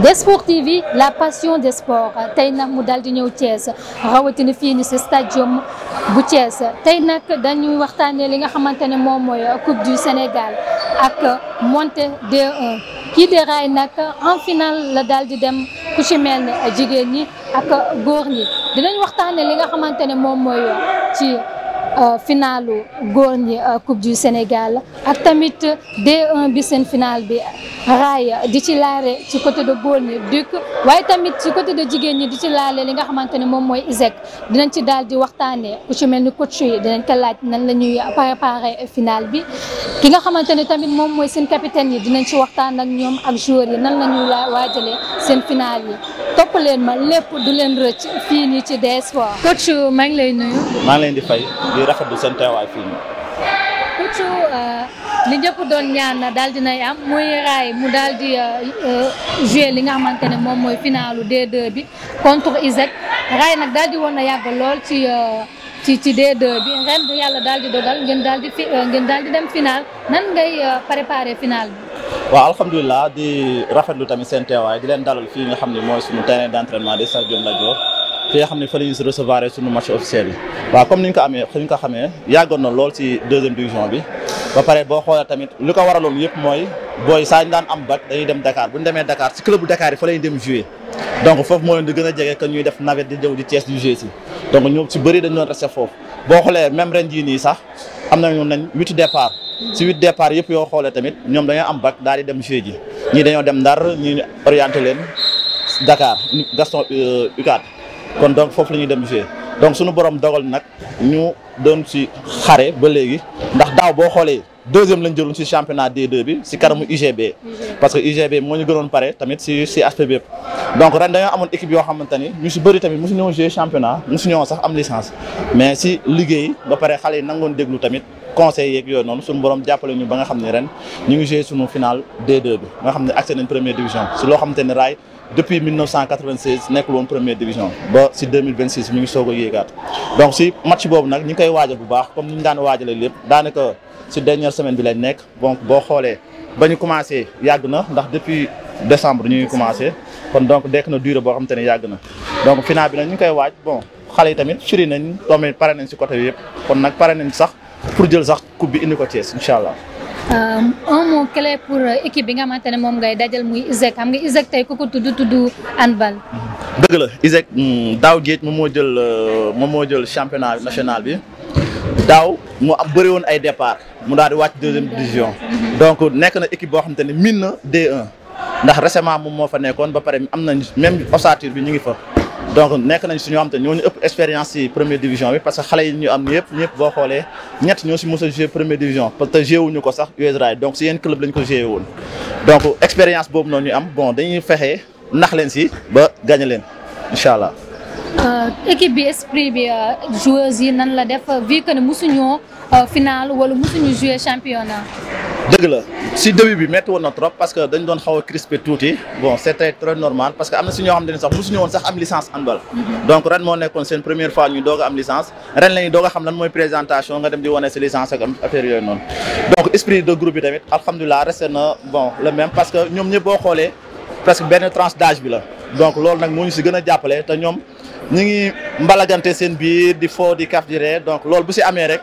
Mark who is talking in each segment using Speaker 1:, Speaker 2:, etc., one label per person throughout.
Speaker 1: Desport TV la passion des sports tey nag de daal di ñëw Thiès stadium bu Thiès tey nag dañuy waxtaanee li Coupe du Sénégal ak Monte D1 Qui de en finale la dalle de dem ku ci ñi ak Gourni. ñi dinañ waxtaanee li nga xamante ne moom ci euh, euh, Coupe du Sénégal ak tamit D1 bi seen finale bi. raaya di ci laare ci côté de góor ñi duk waaye tamit ci côté de jigéen ñi di ci laale li nga xamante ne moom mooy ISEC dinañ ci daal di waxtaanee ku ci mel ni coach yi dinañ ko laaj nan la ñuy préparer final bi ki nga xamante ne tamit moom mooy seen capitaine yi dinañ ci waxtaan ak ñoom ak joueurs yi nan la ñuy waajalee seen final yi topp leen ma lépp du leen rëcc fii nii ci DS Sports coach maa lay nuyu.
Speaker 2: maa ngi leen di fay di rafetlu seen teewaay fii nii.
Speaker 1: li jëpp doon ñaan daal dinay am muy raay mu daal di euh, euh, jouer li nga xamante ne moom mooy finalu D2 bi contre ISEC raay nag daal di woon a yàgg lool ci euh, ci ci D2 bi ren bu yàlla daal di dogal ngeen daal di fi ngeen daal di dem final nan ngay préparer final bi.
Speaker 2: waaw alhamdulilah di rafetlu tamit seen teewaay di leen dalal fii nga xam ne mooy suñu terrain d'entraînement de Stade Lat Dior fi nga xam ne fa la ñuy recevoir suñu match officiel bi. waaw comme ni ñu ko amee ni ñu ko xamee yàggoon na lool ci deuxième division bi. ba pare boo xoolee tamit li ko waraloon yëpp mooy booy saa ñu daan am bac dañuy dem Dakar bu ñu demee dakaar si club bu Dakar yi fa la ñuy dem jouer donc moo leen di gën a jege que ñuy def navette di jëw di Thiès di jouer si donc si bëri dañu doon resté foofu boo xoolee même ren jii nii sax am nañu nañ huit départ si huit départ yëpp yoo xoolee tamit ñoom dañoo am bac daal di dem jouer ji ñii dañoo dem Ndar ñii orienté leen Dakar Gaston UCAD euh, kon donc foofu la ñuy dem jouer donc suñu borom dogal nag ñu doon si xare ba léegi ndax daaw boo xoolee deuxième lañ jëloon si championnat D2 bi si kanamu UGB. parce que UGB moo ñu gënoon pare tamit si si aspect bépp donc ren dañoo amoon équipe yoo xamante ni ñu si bëri tamit mosu ñoo jouer championnat mosu ñoo sax am licence mais si liggéey ba pare xale yi nangoon déglu tamit. conseil yeeg yooyu noonu suñu borom jappalé ñu ba nga xamné ren ñu ngi joué suñu final D2 bi nga xamné ne accès nañ première division si lo xamanté ni ray depuis 1996 nekkul won première division ba ci 2026 ñu ngi sogo yégaat donc si match bobu nak ñu ngi koy waajal bu baax comme ñu daan waajale lépp daanaka ci dernière semaine bi lañ nek donc bo xolé bañu ñu commencé yàgg na ndax depuis décembre ñu ngi commencé kon donc dekk na durée bo xamanté ni yàgg na donc final bi nag ñu ngi koy wajj bon xalé tamit suri nañ tamit pare nañ ci côté yépp kon nak pare nañ sax pour jël sax coupe bi indi ko Thiès incha allah.
Speaker 1: Euh, un mot clé pour euh, équipe bi nga xamante ne moom ngay dajal muy ISEC xam nga ISEC tey ku ko tuddu tudd handball.
Speaker 2: dëgg la ISEC mm, daaw géej moom moo jël euh, moom moo jël championnat national bi daaw mu am bëri woon ay départ mu daal di wàcc deuxième division. donc nekk na équipe boo xamante ne miin na D1 ndax récemment moom moo fa nekkoon ba pare am nañ même ossature bi ñu ngi fa. donc nek nañ suñu xam te ñoo ñu ëpp expérience ci première division bi parce que xalé yi ñu am yëpp ñëpp bo xolé ñett ñoo ci mos jouer première division parce que joué ñu ko sax US Rail donc ci yenn club lañ ko joué woon. donc expérience bobu non ñu am bon dañuy fexé nax leen ci ba gagné leen inshallah
Speaker 1: euh équipe bi esprit bi euh, joueurs yi nan la def vu que ne mosuñoo euh, final wala mosuñu jouer championnat
Speaker 2: dëgg la si début bi metti wonna trop parce que dañ doon xaw a crispé tuuti bon c'était est très normal parce que amna na si ñoo xamante ne sax mosuñu woon sax am licence handball mhm. donc ren moo nekkoon seen première fois ñu doga am licence ren la doga xam lan moy présentation nga dem di woné si licence ak affaire yoy non. donc esprit de groupe bi tamit alhamdulilah resté na bon le même parce que ñoom ñëpp boo xoolee presque ben tranche d'âge bi la donc lool nak moo ñu si gën a jàppale te ñi ngi mbalagante seen biir di fo di kaf di ré donc lool bu ci amé rek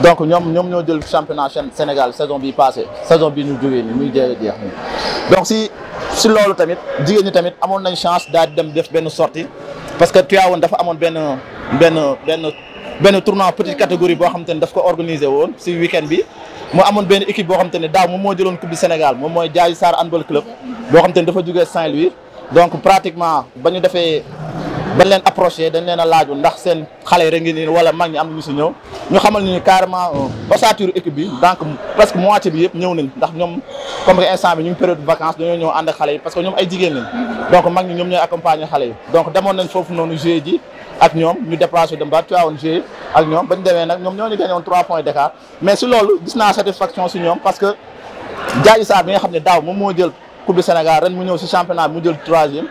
Speaker 2: donc nous ñoom ñoo jël championnat Sénégal saison bi passé saison bi ñu jógee nous muy jeex donc si si loolu tamit nous ñi tamit amoon une chance daal di dem def benn sortie parce que Tivaouane dafa amoon benn benn benn benn tournoi petite catégorie pour xam te daf ko organisé si week-end bi mu amoon benn équipe pour xam te ne daaw moom moo coupe du Sénégal moom mooy Diaye Sar handball club pour xam te ne dafa jógee Saint-Louis donc pratiquement ben nous defee bañ leen approché dañ leena laaju ndax sen xalé rek ngi wala mag ñi am ñu si ñew ñu xamal ni carrément euh, ossature équipe bi donc presque moitié bi yépp ñew nañ ndax ñom comme que instant bi ñu période vacances dañu ñew and ak xale parce que ñom ay jigéen lañ donc mag ñi ñoom ñooy accompagner xalé yi donc demoon nañ foofu nonu jeu ji ak ñom ñu déplacé dem ba Tivaouane joué ak ñom bañ demee nak ñom ñoo ñu gagné woon points d'écart mais su lolu gis na satisfaction su ñom parce que Diadji sa bi nga xamné daw mo mo jël coupe du Sénégal ren mu ñew ci championnat mu jël troisième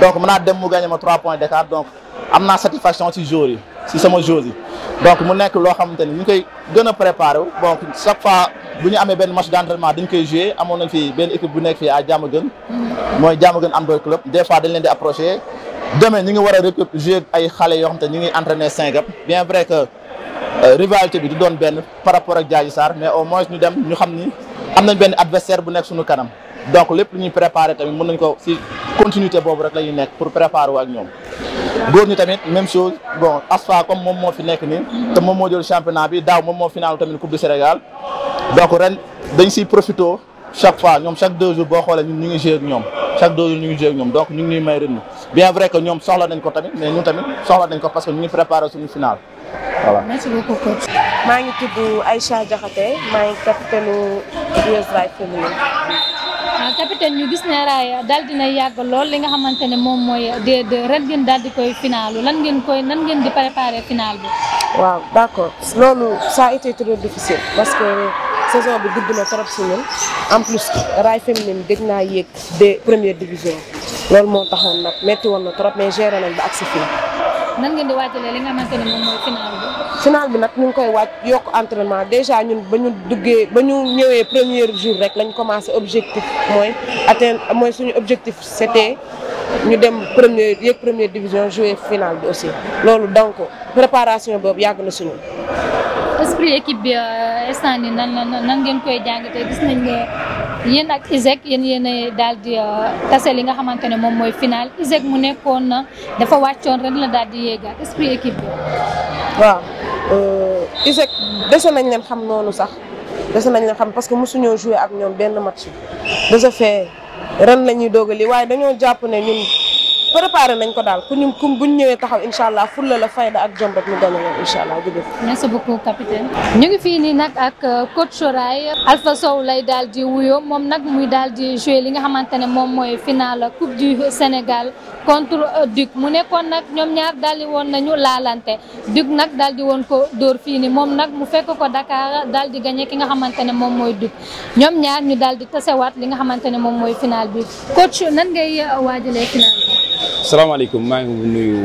Speaker 2: donc mën naa dem gagner gagné ma 3 points d'écart donc am naa satisfaction ci jour Si ci sama jour yi donc mu nekk loo xamante ni ñu ngi koy gën a préparé wu chaque fois bu ñu amee benn match d'entraînement dañ koy joué amoon nañ fi benn équipe bu nekk fii à Diamaguène mooy Diamaguène handball club des fois dañ leen di approché demain ñu ngi war a joué ay xale yoo xam te ñu ngi entraîné Singap bien vrai que euh, rivalité bi du doon benn par rapport ak Diadji Sarr mais au moins ñu dem ñu xam ni am nañ benn adversaire bu nekk suñu kanam donc lépp lu ñuy préparé tamit mën nañ ko si continuité boobu rek la nekk pour préparer wu ak ñoom góor ñi tamit même chose bon ASFA comme moom moo fi nekk nii te moom moo jël championnat bi daaw moom moo final tamit coupe du Sénégal donc ren dañ siy profité chaque fois ñoom chaque deux jours boo xoolee ñu ngi joué ak ñoom chaque deux jours ñu ngi joué ak ñoom donc ñu ngi ñuy may ren bien vrai que ñoom soxla nañ ko tamit mais ñun tamit soxla nañ
Speaker 3: Ah,
Speaker 1: capitaine ñu gis ne raay daal dina yàgg lool li nga xamante ne moom mooy D2 ren ngeen daal di koy finaalu lan ngeen koy nan ngeen di préparer final bi.
Speaker 3: waaw d'accord loolu ça a été trop difficile parce que saison bi gudd na trop si ñun en plus raay féminine gëj naa yéeg des première division loolu moo tax nag metti woon na trop mais géré nañ bi ak si final. nan
Speaker 1: ngeen di waajalee li nga xamante ne moom mooy final bi.
Speaker 3: final bi nag ñu koy waaj yokk entraînement déjà ñun ba ñu duggee ba ñu ñëwee premier jour rek lañ commencé objectif mooy atteindre mooy suñu objectif c'était ñu dem premier yéeg première division jouer finale bi aussi loolu donc préparation boobu yàgg na suñu.
Speaker 1: esprit équipe bi euh, nan nan ngeen koy jàngatee gis nañ yéen ak ISEC yéen yéen daal di euh, tase li nga xamante ne moom mooy final ISEC mu nekkoon na dafa wàccoon ren la daal di yéegaat
Speaker 3: esprit équipe bi waaw. Euh, ISEC dese nañ leen xam noonu sax dese nañ leen xam parce que mosuñoo joué ak ñoom benn match de ce ren la ñuy dogal waaye dañoo jàpp ne ñun. préparé nañ ko daal ku ñu ku buñ ñëwee taxaw incha allah fulla la fayda ak jom rek ñu gagné leen incha allah jërëjëf. merci beaucoup capitaine.
Speaker 1: ñu ngi fii nii nag ak euh, coach Soray Alpha Sow lay daal di wuyoo moom nag muy daal di joué li nga xamante ne moom mooy finale coupe du Sénégal contre Duc mu nekkoon nag ñoom ñaar daal di woon nañu laalante Duc nag daal di woon ko dóor fii nii moom nag mu fekk ko Dakar daal di gagné ki nga xamante ne moom mooy Duc ñoom ñaar ñu daal di tasewaat li nga xamante ne moom mooy finale bi coach nan ngay euh, waajalee finale
Speaker 4: salaamaaleykum maa ngi nuyu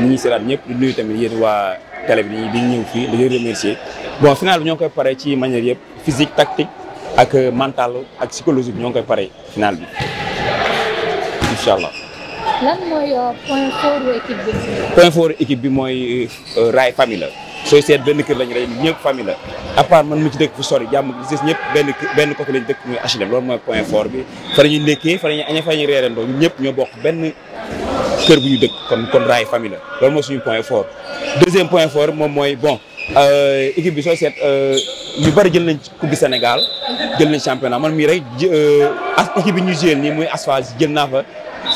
Speaker 4: ñi ñuy seeraat ñëpp di nuyu tamit yéen waa télé bi di ñëw fii di leen remercier bon final bi ñoo koy pare ci manière yëpp physique tactique ak mental ak psychologique ñoo ngi koy pare final bi incha allah.
Speaker 1: lan mooy euh, point fort
Speaker 4: bi. équipe bi mooy euh, raay famille sooy seet benn kër lañ rey ñëpp famille la à part man mu ci dëkk fu sori jàmm li ñëpp benn benn dëkk muy HLM loolu mooy point fort bi fa la ñuy ndékkee fa ñëpp ñoo bokk benn kër bu ñu dëkk kon kon raay famille la loolu mooy suñu point fort deuxième point fort moom mooy bon euh, équipe bi sooy seet euh, ñu bëri jël nañ coupe du Sénégal jël nañ championnat man mii rek euh, équipe bi ñu jël nii muy ASFA jël naa fa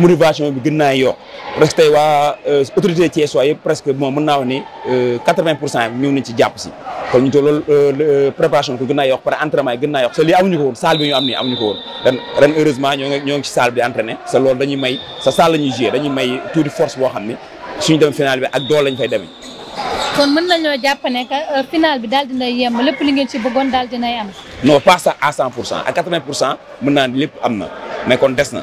Speaker 4: motivation bi gën naa yokk parce que tey waa euh, autorité Thiès waa presque bon naa wax ni euh, quatre-vingt ci jàpp si kon ñu toog loolu euh, préparation ko gën naa yokk pare entraînement yi gën naa yokk sa lii amuñu ko woon salle bi ñu am nii amuñu ko woon ren ren heureusement ñoo ngi ci salle bi di entraîné sa loolu dañuy may sa salle la ñuy dañuy may tuuti force boo xam ne suñu dem final bi ak doole lañ fay demee
Speaker 1: kon mën nañoo jàpp ne final bi daal dinay yem lépp li ci bëggoon
Speaker 4: à cent pour cent pour cent mën naa lépp am na mais kon des na.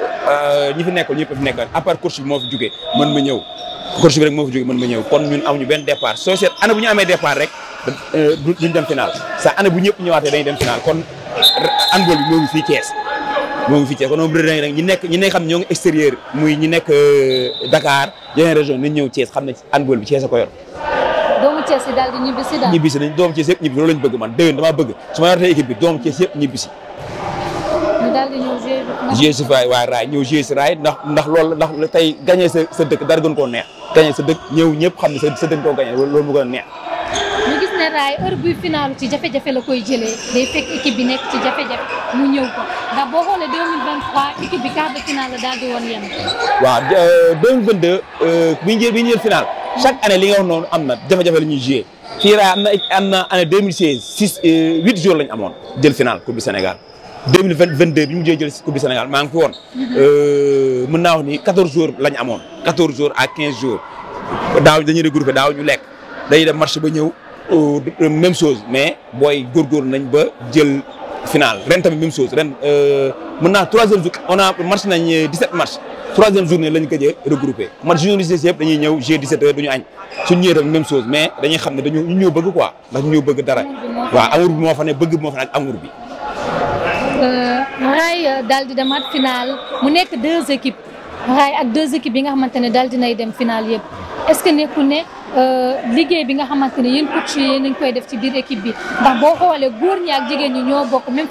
Speaker 4: Euh, ñi fi nekkoon ñëpp fi nekkoon à part course bi moo fi jugee mën ma ñëw course bi rek moo fi jugee mën kon ñun ñu benn départ soo seet année bu ñu amee départ rek euh, duñ dem final sa année bu ñëpp ñëwaatee dañuy dem final kon handball bi moo ngi fii Thiès moo ngi fii Thiès kon moom rek ñi nekk ñi nekk xam ñoo ngi extérieur muy ñi nekk euh, Dakar yeneen région nañ ñëw Thiès xam ne handball bi Thiès a ko yor
Speaker 1: doomu Thiès yi daal di ñibbisi daal
Speaker 4: ñibbisi nañ doomu Thiès yëpp lañ bëgg man déwén damaa bëgg su ma yortee équipe bi doomu Thiès yëpp ñibbisi jouer si waay waa raay ñëw jouer si raay ndax ndax loolu ndax tey gagné sa sa dëkk dara gën koo neex gagné sa dëkk ñëw ñëpp xam ne sa sa dëkk koo gagné loolu mu gën a neex
Speaker 1: ñu gis ne raay heure buy final ci jafe-jafe la koy jëlee day fekk équipe nekk ci jafe-jafe mu ñëw ko ndax boo xoolee 2023 équipe bi quart de finale daal di woon yem
Speaker 4: waaw 2022 euh, euh, bi ñu jël bi jël final chaque année li nga wax noonu am na jafe-jafe la ñuy jouer fii raay am na am na année 2016 six euh, huit jours lañ amoon jël final coupe Sénégal deux mille vingt deux bi ñu jëlee jël coupe du Sénégal maa ngi fi woon. Euh, mën naa wax ni quatorze jours la ñu amoon. quatorze jours à quinze jours daaw dañuy regroupé daaw ñu lekk dañuy dem marché ba ñëw euh, même chose mais booy góorgóorlu nañ ba jël final ren tamit même chose ren euh, mën naa troisième jour on nañ dix sept marches troisième journée lañ ko jël regroupé match journaliste yëpp dañuy ñëw g 17 heures du ñu añ suñu ñëwee tamit même chose mais dañuy xam ne dañu ñu ñëw bëgg quoi ndax ñu ñëw bëgg dara waa amour bi moo fa bëgg bi moo fa bi.
Speaker 1: Euh, Rail euh, daal di dem demaat final mu nekk deux équipes Rail ak deux équipes yi nga xamante ne daal dinay dem final yëpp est-ce que nekkul ne euh, liggéey bi nga xamante ne yéen coach yi yéen nañ koy def ci biir équipe bi boo xoolee ak jigéen ñi ñoo bokk même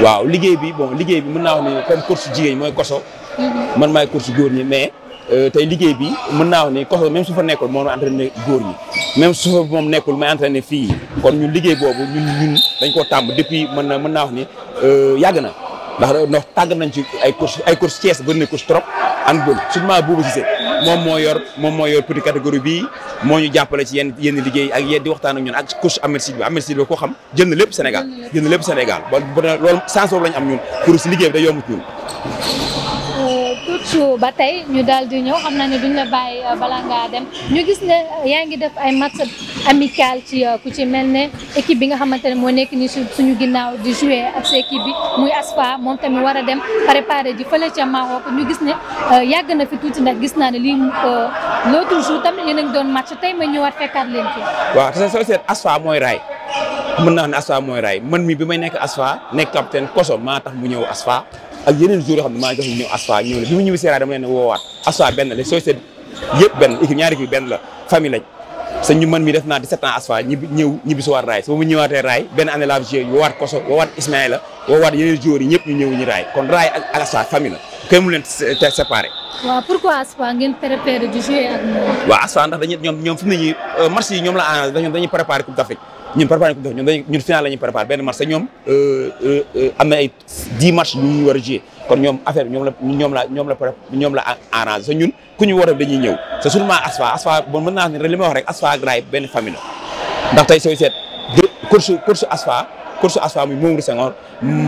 Speaker 4: waaw liggéey bi bon liggéey bi mën naa wax ne comme jigéen mooy koso. Mm-hmm. man maay coach góor ñi mais. tey liggéey bi mën naa wax ne koso même su fa nekkul moom entraîné góor ñi même su fa moom nekkul may entraîné fii kon ñu liggéey boobu ñun ñun dañ koo tàmm depuis mën na mën naa wax ni Euh, yàgg na ndax ndax tàggat nañ ci ay course ay course Thiès bëri na course trop an bol surtout Bouba Cissé moom moo yor moom mooy yor petite catégorie bii moo ñu jàppale ci yenn yenn liggéey ak yéen di waxtaan ak ñun ak course Ahmed Sidibé Ahmed Sidibé koo xam jël na lépp Sénégal jël na lépp Sénégal ba loolu sens boobu la ñu am ñun pour liggéey bi day yombut ñun
Speaker 1: coach ba tey ñu daal di ñëw xam naa ne duñ la bàyyi euh, bala ngaa dem ñu gis ne euh, yaa ngi def ay match amical ci euh, ku ci mel ne équipe bi nga xamante ne moo nekk ni suñu ginnaaw di jouer ak sa équipe bi muy ASFA moom tamit war a dem préparer ji fële ca Maroc ñu gis ne yàgg na fi tuuti ndax gis naa ne lii l'autre jour tamit yéen a ngi doon match tey ma ñëwaat fekkaat leen fi.
Speaker 4: waaw te soo seet ASFA mooy raay mën naa ne ASFA mooy raay man mi bi may nekk ASFA nekk capitaine Koso maa ñëw ASFA. ak yeneen jours yoo xam ne maa ngi jox ñëw asfa ñëw la bi mu ñëw seeraat dama leen ne woowaat asfa benn la sooy seet yëpp benn équipe ñaari équipe benn la famille lañ sa ñu man mi def naa 17 ans asfa ñibbi ñëw ñibbi si waat raay su ba mu ñëwaatee raay benn année la joué woowaat koso woowaat Ismaïla woowaat yeneen joueurs yi ñëpp ñu ñëw ñu raay kon raay ak Alassane famille la kenn mu leen te séparé.
Speaker 1: waaw pourquoi ngeen préparé di jouer ak moom.
Speaker 4: waaw Aspa ndax dañuy ñoom ñoom fi mu euh, yi ñoom la arrangé ah, dañu dañuy préparé Coupe d'Afrique ñun préparé Coupe d'Afrique ñun dañuy ñun final la ñuy préparé benn euh, euh, war a jouer kon ñoom affaire bi ñoom la ñoom la ñoom la ñoom la arrangé sa ñun ku ñu war a dañuy ñëw c'est seulement Aspa Aspa bon mën naa ne li ma wax rek Aspa ak Raay benn famille la ndax sooy seet course course course asfa muy Mamadou Senghor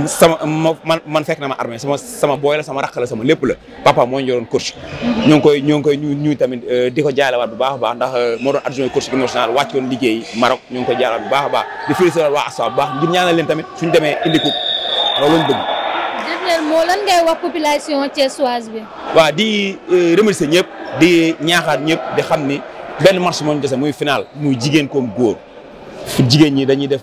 Speaker 4: sama man man fekk na ma armée sama sama booy la sama raq la sama lépp la papa moo ñu yoroon course ñoo koy ñoo ngi koy ñu ñu tamit euh, di ko jaalewaat bu baax a baax ndax euh, moo doon adjoint course international wàcc woon liggéey Maroc ñoo ngi koy jaalewaat bu baax a baax di félicité waa asfa bu baax ngir ñaanal leen tamit suñ demee indi coupe loolu lañ
Speaker 1: bëgg moo lan ngay wax population thiessoise
Speaker 4: waaw di euh, remercier ñëpp di ñaaxaat ñëpp di xam ni benn match moo ñu muy final muy jigéen comme góor jigéen ñi dañuy def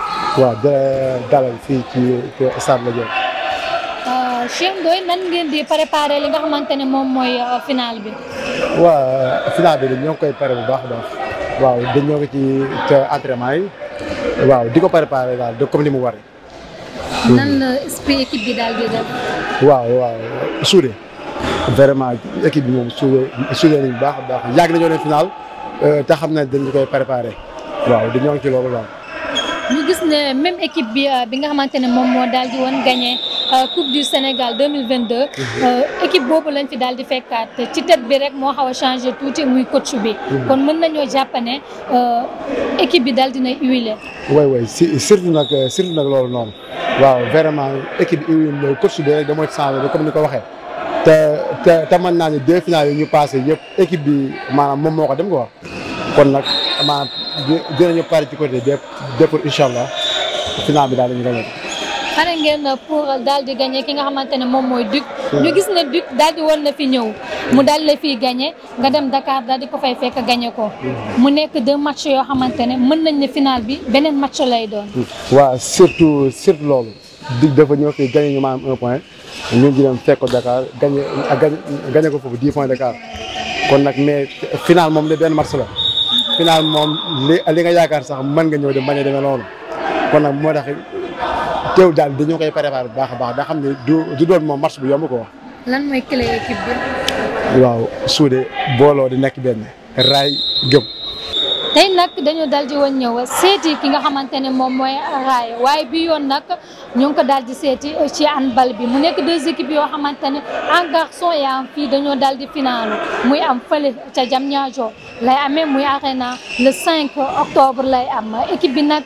Speaker 5: waaw dalal fii ci stade Lat Dior.
Speaker 1: Euh, Cheikh Ndoye nan ngeen di préparer li nga xamante ne moom mooy euh, final bi.
Speaker 5: waaw final bi ñoo ngi koy pare bu baax waaw dañoo ci te entraînement yi. waaw di ko préparer daal de comme ni mu waree.
Speaker 1: nan la esprit équipe bi daal di def.
Speaker 5: waaw waaw suude. vraiment équipe bi moom suude suude nañu bu baax a baax yàgg nañoo ne final euh, te xam na dañu koy préparer waaw dañoo ngi ci loolu waaw.
Speaker 1: ne équipe bi euh, bi nga xamante ne moom moo daal di woon gagné euh, coupe du Sénégal mhm. euh, équipe boobu lañ fi daal di fekkaat ci tête bi rek moo xaw a changé tuuti muy coach bi. Mhm. kon mën nañoo jàpp ne équipe bi daal dina huilé.
Speaker 5: loolu noonu waaw vraiment équipe bi huilé coach bi rek damay changé comme ni ko waxee. te te te mën naa ne deux finales yi ñu passé yëpp équipe bi maanaam moom moo ko dem ko wax kon nag maanaam ñu pare ci côté bépp bépp allah. final bi daal dañu ko wér.
Speaker 1: xanaa ngeen pour daal di gagné hmm. ko fay fekk hmm.
Speaker 5: hmm. surtout surtout loolu Duc ñëw fi gagné ñu ñu dem fekk ko Dakar ah, ko foofu dix points Dakar kon nag mais final moom de benn match la. final moom li nga yaakaar sax mën nga ñëw de bañ a loolu. kon nag moo tax teew daal dañoo koy préparé bu baax a baax daa xam ne du du doon moom marche bu yomb ko wax.
Speaker 1: lan mooy clé équipe bi.
Speaker 5: waaw suude booloo di nekk benn raay gëm.
Speaker 1: tey nag dañu dal di woon ñëw seeti ki nga xamante moom mooy raay waaye bi yoon nag ñu ngi ko di seeti ci handball bi mu nekk deux équipes yoo xamante en garçon et en dañoo daal di finaalu muy am fële ca Diamniadio lay amee muy arena le octobre lay am équipe bi nag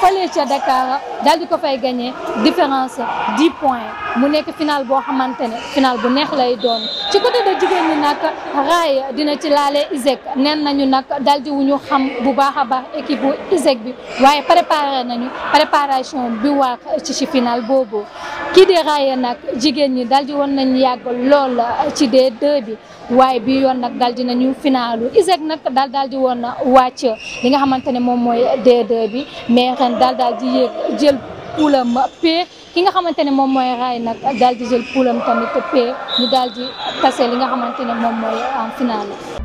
Speaker 1: fële ca Dakar daal ko fay gagné différence 10 points mu nekk final boo xamante ne final bu neex lay doon ci côté de jigéen ñi nag raay dina ci laale ISEC neen nañu nag daal di wuñu xam bu baax a baax équipe bu ISEC bi waaye préparé nañu préparation bi war ci ci final boobu kii di raay nag jigéen ñi daal di woon nañu yàgg lool ci D2 bi. waaye bi yoon nag daal dinañu finaalu ISEC nag daal daal di woon wàcc li nga xamante ne moom mooy D2 bi mais ren daal daal di yéeg jël poulam P ki nga xamante ne moom mooy raay nag daal di jël poulam tamit P ñu daal di tase li nga xamante ne moom mooy en finale